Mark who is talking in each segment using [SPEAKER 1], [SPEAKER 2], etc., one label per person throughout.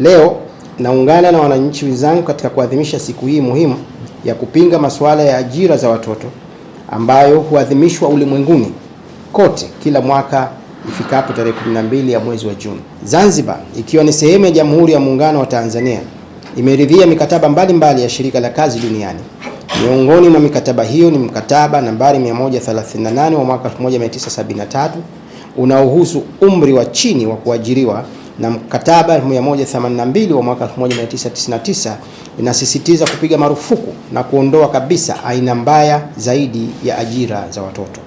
[SPEAKER 1] Leo naungana na wananchi wenzangu katika kuadhimisha siku hii muhimu ya kupinga masuala ya ajira za watoto ambayo huadhimishwa ulimwenguni kote kila mwaka ifikapo tarehe 12 ya mwezi wa Juni. Zanzibar ikiwa ni sehemu ya Jamhuri ya Muungano wa Tanzania imeridhia mikataba mbalimbali mbali ya Shirika la Kazi Duniani. Miongoni mwa mikataba hiyo ni mkataba nambari 138 wa mwaka 1973 unaohusu umri wa chini wa kuajiriwa na mkataba 182 wa mwaka 1999 inasisitiza kupiga marufuku na kuondoa kabisa aina mbaya zaidi ya ajira za watoto.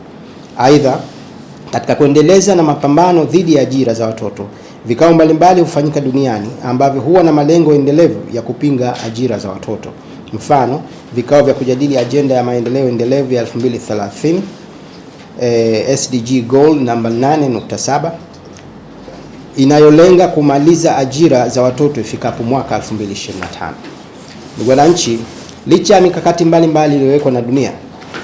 [SPEAKER 1] Aidha, katika kuendeleza na mapambano dhidi ya ajira za watoto, vikao mbalimbali hufanyika duniani ambavyo huwa na malengo endelevu ya kupinga ajira za watoto. Mfano, vikao vya kujadili ajenda ya maendeleo endelevu ya 2030 eh, SDG goal number 8.7 inayolenga kumaliza ajira za watoto ifikapo mwaka 2025. Ndugu wananchi, licha ya mikakati mbalimbali iliyowekwa na dunia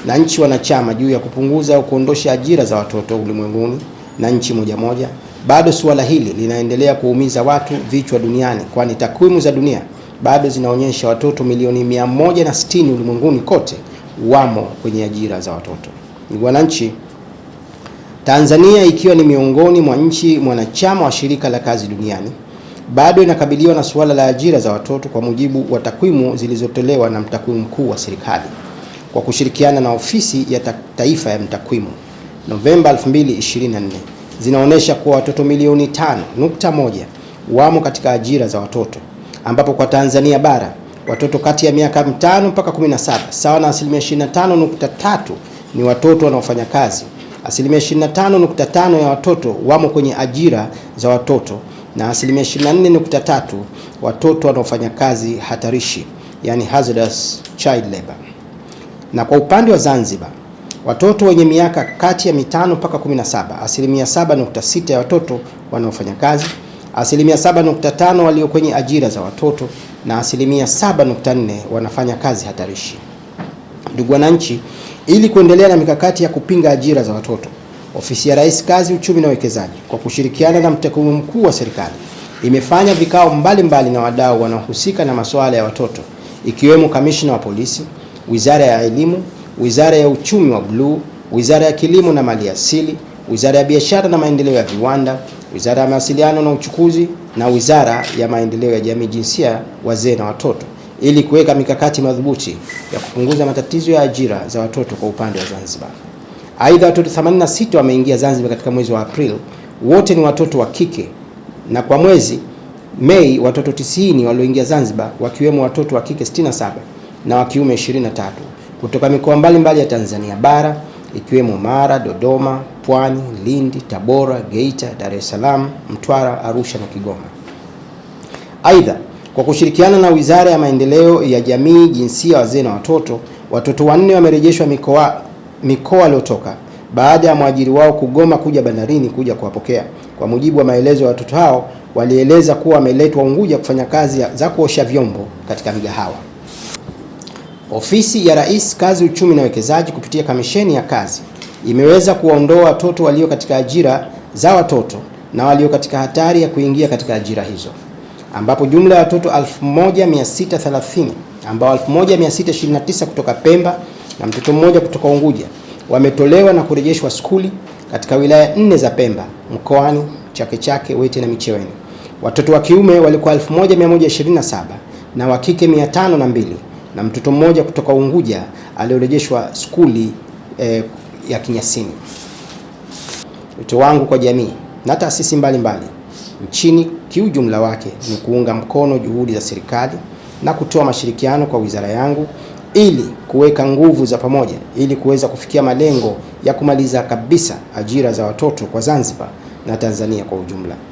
[SPEAKER 1] na nchi wanachama juu ya kupunguza au kuondosha ajira za watoto ulimwenguni na nchi moja moja, bado suala hili linaendelea kuumiza watu vichwa duniani, kwani takwimu za dunia bado zinaonyesha watoto milioni 160 ulimwenguni kote wamo kwenye ajira za watoto. Ndugu wananchi Tanzania ikiwa ni miongoni mwa nchi mwanachama wa shirika la kazi duniani bado inakabiliwa na suala la ajira za watoto kwa mujibu wa takwimu zilizotolewa na mtakwimu mkuu wa serikali kwa kushirikiana na ofisi ya taifa ya mtakwimu Novemba 2024 zinaonyesha kuwa watoto milioni 5.1 wamo katika ajira za watoto ambapo kwa Tanzania bara watoto kati ya miaka mitano mpaka 17 sawa na asilimia 25.3 ni watoto wanaofanya kazi Asilimia 25.5 ya watoto wamo kwenye ajira za watoto na asilimia 24.3 watoto wanaofanya kazi hatarishi, yani hazardous child labor. Na kwa upande wa Zanzibar, watoto wenye miaka kati ya mitano mpaka 17, asilimia 7.6 ya watoto wanaofanya kazi, asilimia 7.5 walio kwenye ajira za watoto na asilimia 7.4 wanafanya kazi hatarishi. Ndugu wananchi, ili kuendelea na mikakati ya kupinga ajira za watoto, Ofisi ya Rais Kazi, Uchumi na Uwekezaji kwa kushirikiana na Mtakwimu Mkuu wa Serikali imefanya vikao mbalimbali na wadau wanaohusika na masuala ya watoto ikiwemo kamishna wa polisi, Wizara ya Elimu, Wizara ya Uchumi wa Bluu, Wizara ya Kilimo na mali asili Wizara ya Biashara na Maendeleo ya Viwanda, Wizara ya Mawasiliano na Uchukuzi na Wizara ya Maendeleo ya Jamii, Jinsia, Wazee na Watoto ili kuweka mikakati madhubuti ya kupunguza matatizo ya ajira za watoto kwa upande wa Zanzibar. Aidha, watoto 86 wameingia Zanzibar katika mwezi wa Aprili, wote ni watoto wa kike, na kwa mwezi Mei watoto 90 walioingia Zanzibar wakiwemo watoto wa kike 67 na wa kiume 23 kutoka mikoa mbalimbali ya Tanzania bara ikiwemo Mara, Dodoma, Pwani, Lindi, Tabora, Geita, Dar es Salaam, Mtwara, Arusha na Kigoma. Aidha, kwa kushirikiana na Wizara ya Maendeleo ya Jamii, Jinsia, Wazee na Watoto, watoto wanne wamerejeshwa mikoa mikoa waliotoka baada ya mwajiri wao kugoma kuja bandarini kuja kuwapokea. Kwa mujibu wa maelezo ya watoto hao, walieleza kuwa wameletwa Unguja kufanya kazi za kuosha vyombo katika migahawa. Ofisi ya Rais, Kazi, Uchumi na Wekezaji kupitia Kamisheni ya Kazi imeweza kuwaondoa watoto walio katika ajira za watoto na walio katika hatari ya kuingia katika ajira hizo ambapo jumla ya watoto 1630 ambao 1629 kutoka Pemba na mtoto mmoja kutoka Unguja wametolewa na kurejeshwa skuli katika wilaya nne za Pemba mkoani Chake Chake, Wete na Micheweni. Watoto wa kiume walikuwa 1127 na wa kike 502 na mtoto mmoja kutoka Unguja aliorejeshwa skuli eh, ya Kinyasini. Wito wangu kwa jamii na taasisi mbalimbali nchini Kiujumla wake ni kuunga mkono juhudi za serikali na kutoa mashirikiano kwa wizara yangu ili kuweka nguvu za pamoja ili kuweza kufikia malengo ya kumaliza kabisa ajira za watoto kwa Zanzibar na Tanzania kwa ujumla.